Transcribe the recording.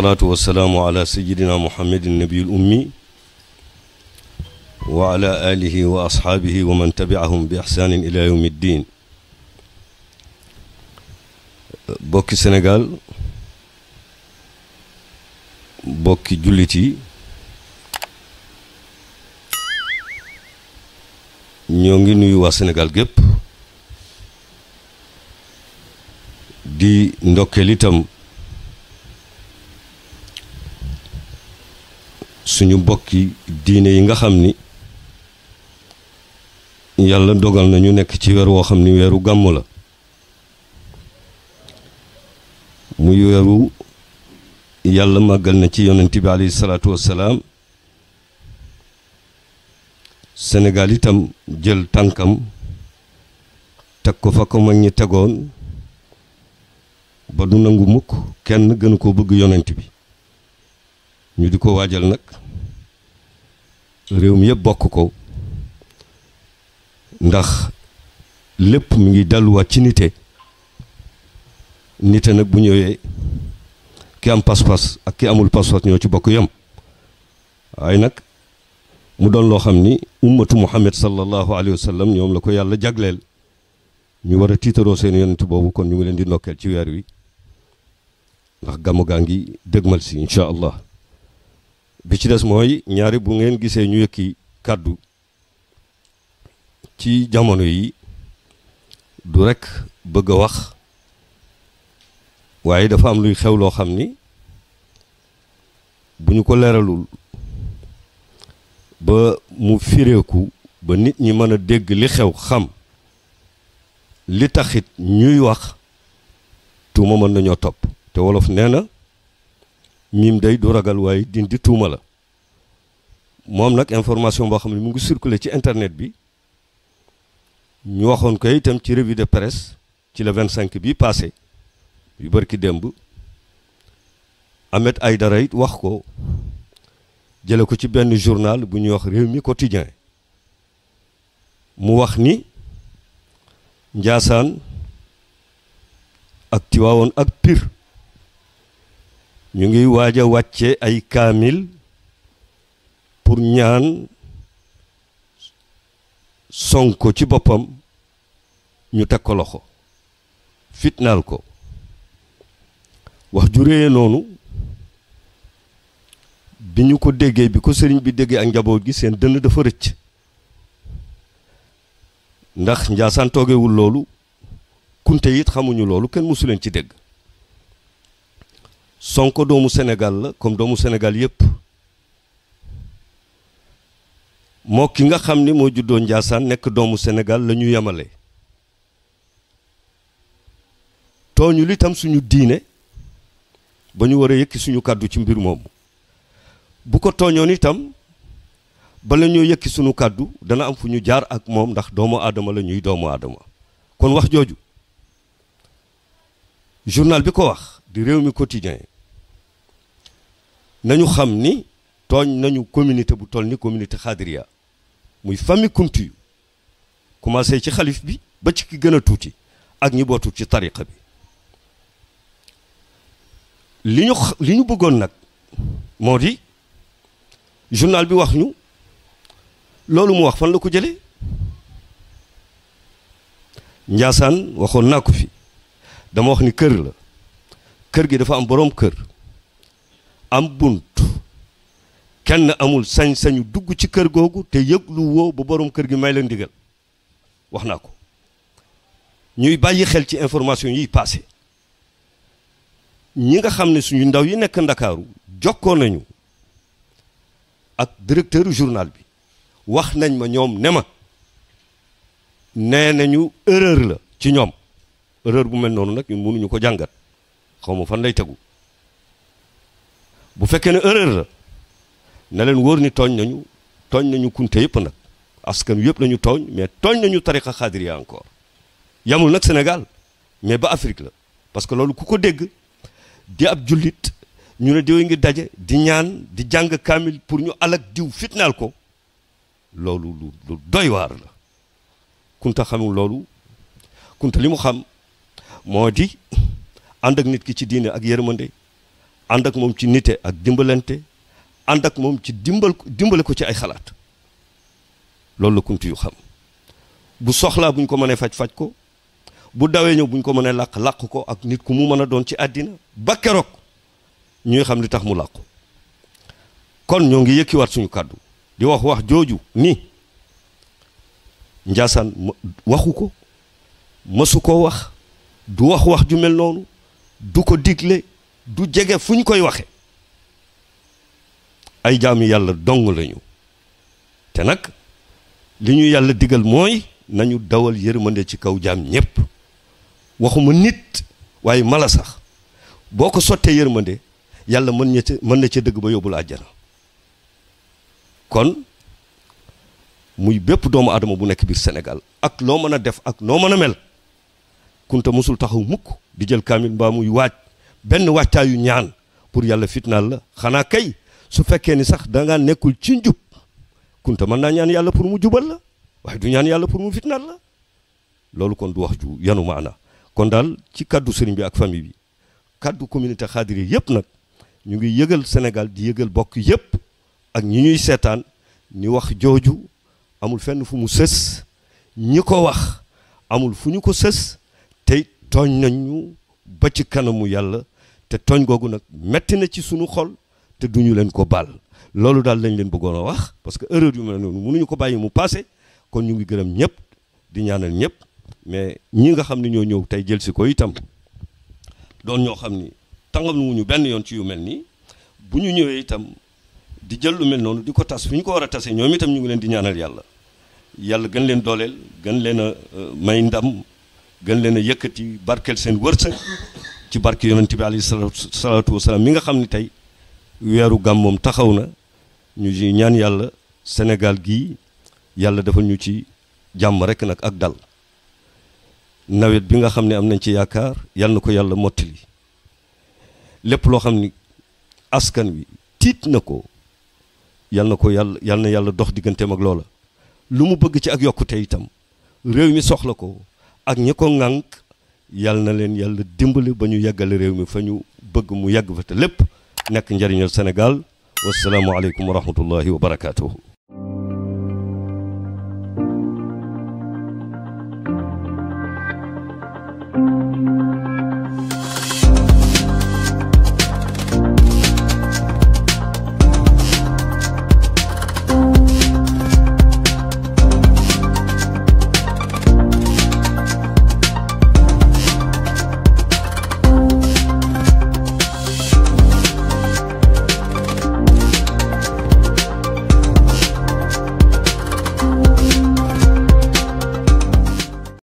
wasalaatu wasalaamu ala sayidina muhammadin nabiyul ummi wa ala alihi wa ashaabihi wa man tabiahum bi ixsaanin ila yawmi ddin bokki Sénégal bokki jullit yi ñoo ngi nuyu waa Sénégal gépp di ndokkeel itam suñu bokki diine yi nga xam ni yàlla dogal na ñu nekk ci weer woo xam ni weeru gàmm la muy weeru yàlla màggal na ci yonent bi alayhi salaatu wassalaam Sénégal itam jël tànkam teg ko fa ko mag ñi tegoon ba du nangu mukk kenn gënu ko bëgg yonent bi ñu di ko waajal nag réew mi yëpp bokk ko ndax lépp mu ngi delluwaat ci nite nite nag bu ñëwee ki am pas ak ki amul pas ñoo ci bokk yem waaye nag mu doon loo xam ni ummatu muhammad sallallahu alayhi wa sallam ñoom la ko yàlla jagleel ñu war a tiitaroo seen yonent boobu kon ñu ngi leen di nokkeel ci weer wi ndax gàmmu gaa ngi dëgmal si incha allah bi ci nyari moy ñaari bu ngeen gisee ñu yekki kaddu ci jamono yi du rek bëgg wax waye dafa am luy xew lo xamni buñu ko leralul ba mu fireku ba nit ñi mëna dégg li xew xam li taxit ñuy wax tuuma mëna ñoo top te wolof miim day du ragal waaye dindi tuuma la moom nag information boo xam ne mu ngi circulé ci internet bi ñu waxoon ko itam ci revue de presse ci le cinq bi passé yu bërki démb Ahmed ay it wax ko jële ko ci benn journal bu ñuy wax réew mi quotidien mu wax ni Njaasaan ak Tiwaawoon ak Pire ñu ngi waaja a wàcce ay kaamil pour ñaan Sonko ci boppam ñu teg ko loxo fitnaal ko wax ju réye noonu bi ñu ko déggee bi ko sëriñ bi déggee ak njaboot gi seen dënn dafa rëcc ndax njaasaan toogewul loolu kunte it xamuñu loolu kenn mosu leen ci dégg Sonko doomu senegal la comme doomu senegal yëpp moo ki nga xam ni moo juddoo Njaasaan nekk doomu senegal la ñu yemale tooñu li suñu diine ba ñu war a yëkki suñu kàddu ci mbir moomu bu ko tooñoon itam bala ñoo yëkki suñu kàddu dana am fu ñu jaar ak moom ndax doomu aadama la ñuy doomu aadama kon wax jooju journal bi ko wax di réew mi quotidien nañu xam ni tooñ nañu communauté bu toll ni communauté xaadiriya muy famille kumtu yu commencé ci xalif bi ba ci ki gën a tuuti ak ñi bootu ci tariqa bi li ñu li ñu bëggoon nag moo di journal bi wax ñu loolu mu wax fan la ko jëlee Njaasaan waxoon naa ko fi dama wax ni kër la kër gi dafa am boroom kër am bunt kenn amul sañ-sañu dugg ci kër googu te yëg lu woo bu borom kër gi may la ndigal wax naa ko ñuy bàyyi xel ci information yiy passé ñi nga xam ne suñu ndaw yi nekk ndakaaru jokkoo nañu ak directeur journal bi wax nañ ma ñoom ne ma nee nañu erreur la ci ñoom erreur bu mel noonu nag ñun mënuñu ko jàngat xaw fan lay tegu bu fekkee ne erreur la na wóor ni tooñ nañu tooñ nañu kunte yëpp nag askan wi yëpp lañu tooñ mais tooñ nañu tariqa xaadiriya encore yamul nag Sénégal mais ba Afrique la parce que loolu ku ko dégg di ab jullit ñu ne diw ngi daje di ñaan di jàng kaamil pour ñu alak diw fitnaal ko loolu lu lu doy waar la kunta xamul loolu kunta li mu xam moo di ànd ak nit ki ci diine ak yërmande ànd ak moom ci nite ak dimbalante ànd ak moom ci dimbal dimbale ko ci ay xalaat loolu la kunti yu xam bu soxlaa buñ ko mënee faj-faj ko bu dawee ñëw buñ ko mënee làq làq ko ak nit ku mu mën a doon ci àddina ba keroog ñuy xam li tax mu làqu kon ñoo ngi yëkkiwaat suñu kàddu di wax wax jooju ni Njaasaan waxu ko mësu koo wax du wax wax ju mel noonu du ko digle du jege fu ñu koy waxe ay jaami yàlla dong lañu te nag li ñu yàlla digal mooy nañu dawal yërmande ci kaw jaam ñépp waxuma nit waaye mala sax boo ko sottee yërmande yàlla mën na ca mën na ca dëgg ba yóbbul àjjana kon muy bépp doomu aadama bu nekk biir Sénégal ak loo mën a def ak noo mën a mel kunta mosul taxaw mukk di jël kaamil mbaa muy waaj benn wàccaayu ñaan pour yàlla fitnaal la xanaa kay su fekkee ni sax da ngaa nekkul ci njub kunta mën naa ñaan yàlla pour mu jubal la waaye du ñaan yàlla pour mu fitnaal la loolu kon du wax ju yanu maana kon daal ci kàddu sëriñ bi ak famille bi kàddu communauté xaadiri yëpp nag ñu ngi yëgal Sénégal di yëgal bokk yëpp ak ñi ñuy seetaan ni wax jooju amul fenn fu mu sës ñi ko wax amul fu ñu ko sës tey tooñ nañu ba ci kanamu yàlla te tooñ googu nag metti na ci suñu xol te duñu leen ko baal loolu daal lañ leen bëggoon a wax parce que erreur yu mel noonu mënuñu ko bàyyi mu paase kon ñu ngi gërëm ñëpp di ñaanal ñëpp mais ñi nga xam ne ñoo ñëw tey jël si ko itam doon ñoo xam ni tàngam nu ñu benn yoon ci yu mel nii bu ñu ñëwee itam di jël lu mel noonu di ko tas fi ñu ko war a tasee ñoom itam ñu ngi leen di ñaanal yàlla yàlla gën leen dooleel gën leen a euh, may ndam gën leen a yëkkati barkeel seen wërsëg ci barke yonent bi alayhi salaatu wasalaam mi nga xam ni tey weeru gàmmoom taxaw na ñu ci ñaan yàlla Sénégal gii yàlla dafa ñu ci jàmm rekk nag ak dal nawet bi nga xam ne am nañ ci yaakaar yàlla na ko yàlla mottali lépp loo xam ni askan wi tiit na ko yàlla na ko yàlla yàlla na yàlla dox digganteem ak loola lu mu bëgg ci ak yokkute itam réew mi soxla ko ak ñi ko ŋànk yàlla na leen yàlla dimbali ba ñu yàggale réew mi fa ñu bëgg mu yàgg fa te lépp nekk njëriñal Sénégal wasalaamualeykum wa rahmatullahi wa barakaatuhu.